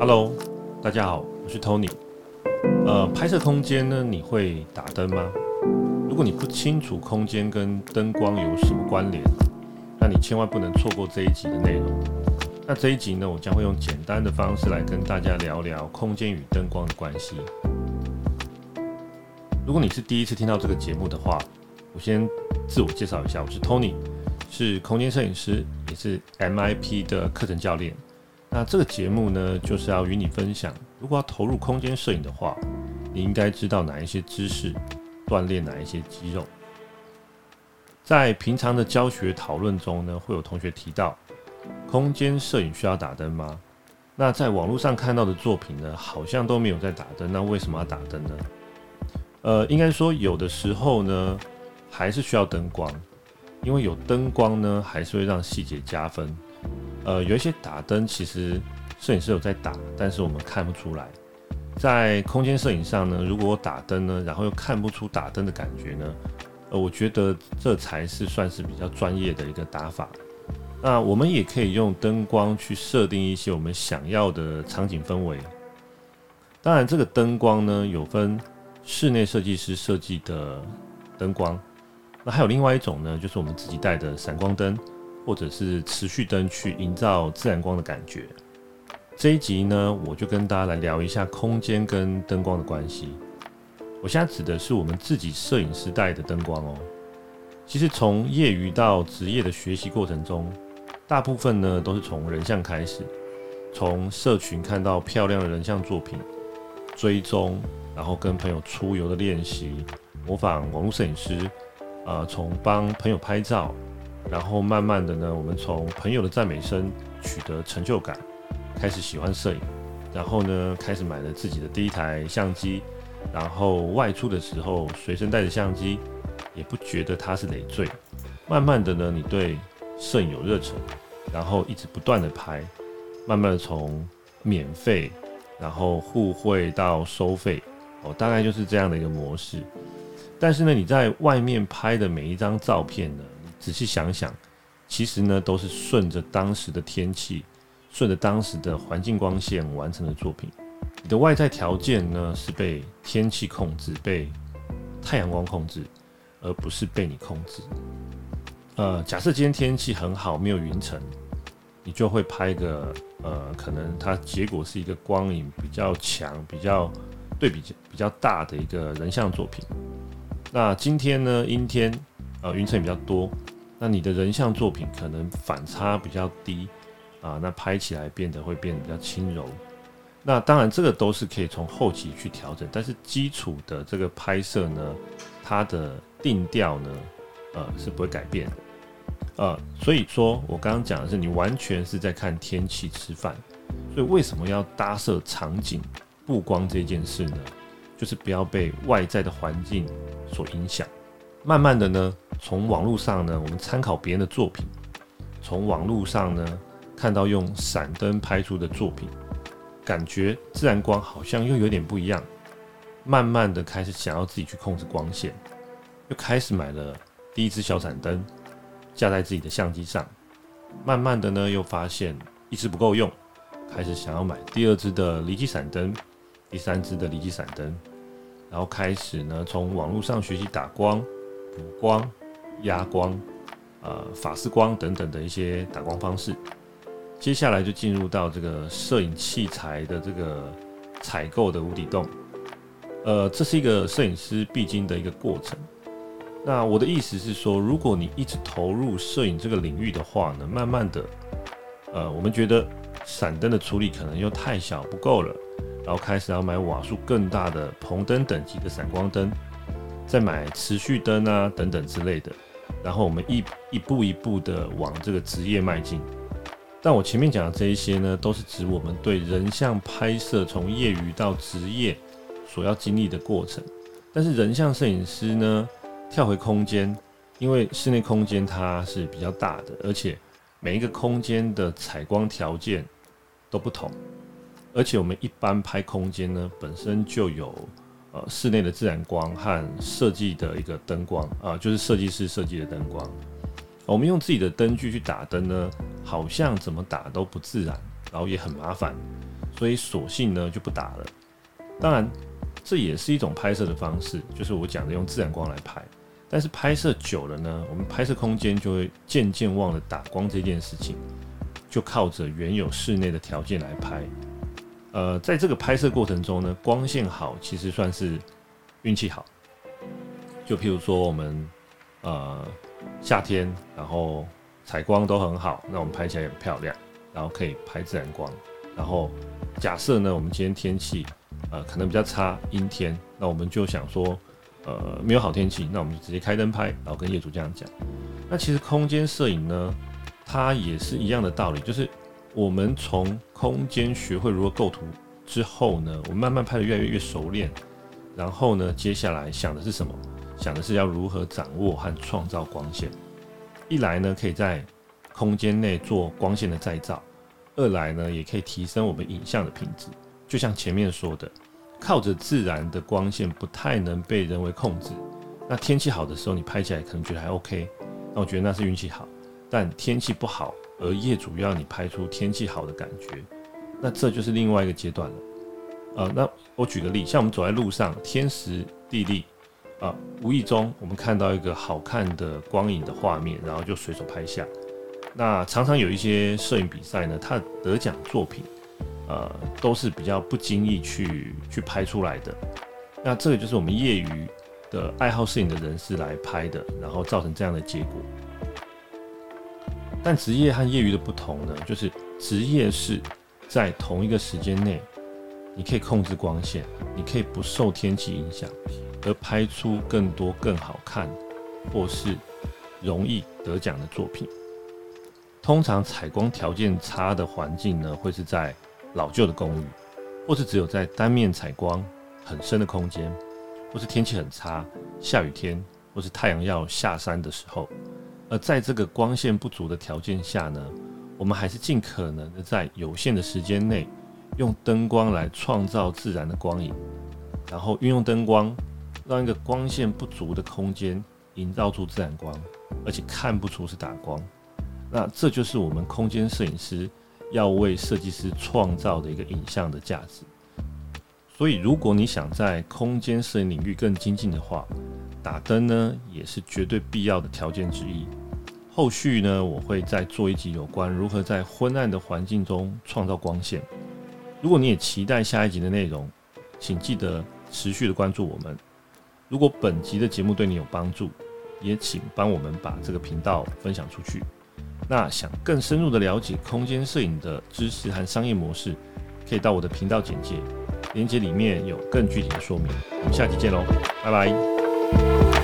哈嘍，大家好，我是 Tony。呃，拍攝空間呢，你會打燈嗎？如果你不清楚空間跟燈光有什麼關聯，那你千萬不能錯過這一集的內容。那這一集呢，我將會用簡單的方式來跟大家聊聊空間與燈光的關係。如果你是第一次聽到這個節目的話，我先自我介紹一下，我是 Tony，是空間攝影師，也是 MIP 的課程教練。那這個節目呢，就是要與你分享，如果要投入空間攝影的話，你應該知道哪一些知識，鍛鍊哪一些肌肉。在平常的教學討論中呢，會有同學提到，空間攝影需要打燈嗎？那在網絡上看到的作品呢，好像都沒有在打燈，那為什麼要打燈呢？呃，應該說有的時候呢，還是需要燈光，因為有燈光呢，還是會讓細節加分。呃，有一些打燈，其實攝影師有在打，但是我們看不出來。在空間攝影上呢，如果我打燈呢，然後又看不出打燈的感覺呢，呃，我覺得這才是算是比較專業的一個打法。那我們也可以用燈光去設定一些我們想要的場景氛圍。當然，這個燈光呢，有分室內設計師設計的燈光，那還有另外一種呢，就是我們自己帶的閃光燈。或者是持續燈去營造自然光的感覺。這一集呢，我就跟大家來聊一下空間跟燈光的關係。我現在指的是我們自己攝影師帶的燈光哦。其實從業餘到職業的學習過程中，大部分呢都是從人像開始，從社群看到漂亮的人像作品，追蹤，然後跟朋友出遊的練習，模仿網絡攝影師，啊、呃，從幫朋友拍照。然後慢慢的呢，我們從朋友的讚美聲取得成就感，開始喜歡攝影，然後呢，開始買了自己的第一台相機，然後外出的時候隨身帶着相機，也不覺得它是累贅。慢慢的呢，你對攝影有熱忱，然後一直不斷的拍，慢慢的從免費，然後互惠到收費，哦，大概就是這樣的一個模式。但是呢，你在外面拍的每一張照片呢，仔細想想，其實呢都是順着當時的天氣，順着當時的環境光線完成的作品。你的外在條件呢是被天氣控制、被太陽光控制，而不是被你控制。呃，假設今天天氣很好，沒有雲層，你就會拍一個呃，可能它結果是一個光影比較強、比較對比比較大的一個人像作品。那今天呢陰天，呃，雲層也比較多。那你的人像作品可能反差比較低，啊，那拍起來變得會變得比較輕柔。那當然，這個都是可以從後期去調整，但是基礎的這個拍攝呢，它的定調呢，呃，是不會改變的。呃，所以說我剛剛講的是，你完全是在看天氣吃飯。所以為什麼要搭設場景布光這件事呢？就是不要被外在的環境所影響。慢慢的呢。從網路上呢，我們參考別人的作品；從網路上呢，看到用閃燈拍出的作品，感覺自然光好像又有點不一樣。慢慢的開始想要自己去控制光線，又開始買了第一支小閃燈，架在自己的相機上。慢慢的呢，又發現一支不夠用，開始想要買第二支的離機閃燈、第三支的離機閃燈。然後開始呢，從網路上學習打光、補光。壓光、呃，法式光等等的一些打光方式。接下來就進入到這個攝影器材的這個採購的無底洞。呃，這是一個攝影師必經的一個過程。那我的意思是說，如果你一直投入攝影這個領域的話呢，慢慢的，呃，我們覺得閃燈的處理可能又太小，不夠了，然後開始要買瓦數更大的棚燈等級的閃光燈，再買持續燈啊等等之類的。然後我們一一步一步的往這個職業邁進，但我前面講的這一些呢，都是指我們對人像拍攝從業餘到職業所要經歷的過程。但是人像攝影師呢，跳回空間，因為室內空間它是比較大的，而且每一個空間的採光條件都不同，而且我們一般拍空間呢，本身就有。呃，室內的自然光和設計的一個燈光啊，就是設計師設計的燈光。我們用自己的燈具去打燈呢，好像怎麼打都不自然，然後也很麻煩，所以索性呢就不打了。當然，這也是一種拍攝的方式，就是我講的用自然光來拍。但是拍攝久了呢，我們拍攝空間就會漸漸忘了打光這件事情，就靠着原有室內的條件來拍。呃，在這個拍攝過程中呢，光線好其實算是運氣好。就譬如說我們呃夏天，然後採光都很好，那我們拍起來很漂亮，然後可以拍自然光。然後假設呢，我們今天天氣呃可能比較差，陰天，那我們就想說呃沒有好天氣，那我們就直接開燈拍，然後跟業主這樣講。那其實空間攝影呢，它也是一樣的道理，就是。我們從空間學會如何構圖之後呢，我們慢慢拍的越來越熟練。然後呢，接下來想的是什麼？想的是要如何掌握和創造光線。一來呢，可以在空間內做光線的再造；二來呢，也可以提升我們影像的品質。就像前面說的，靠着自然的光線不太能被人為控制。那天氣好的時候你拍起來可能覺得還 OK，那我覺得那是運氣好。但天氣不好。而業主要你拍出天氣好的感覺，那這就是另外一個階段了。呃，那我舉個例，像我們走在路上，天時地利，啊、呃，無意中我們看到一個好看的光影的畫面，然後就隨手拍下。那常常有一些攝影比賽呢，它得獎作品，呃，都是比較不經意去去拍出來的。那這個就是我們業餘的愛好攝影的人士來拍的，然後造成這樣的結果。但職業和業餘的不同呢，就是職業是在同一個時間內，你可以控制光線，你可以不受天氣影響，而拍出更多更好看，或是容易得獎的作品。通常採光條件差的環境呢，會是在老舊的公寓，或是只有在單面採光很深的空間，或是天氣很差，下雨天，或是太陽要下山的時候。而在這個光線不足的條件下呢，我們還是盡可能的在有限的時間內，用燈光來創造自然的光影，然後運用燈光，讓一個光線不足的空間營造出自然光，而且看不出是打光。那這就是我們空間攝影師要為設計師創造的一個影像的價值。所以，如果你想在空間攝影領域更精進的話，打燈呢也是絕對必要的條件之一。後續呢，我會再做一集有關如何在昏暗的環境中創造光線。如果你也期待下一集的內容，請記得持續的關注我們。如果本集的節目對你有幫助，也請幫我們把這個頻道分享出去。那想更深入的了解空間攝影的知識和商業模式，可以到我的頻道簡介連結裡面有更具體的說明。我們下期見嘍，拜拜。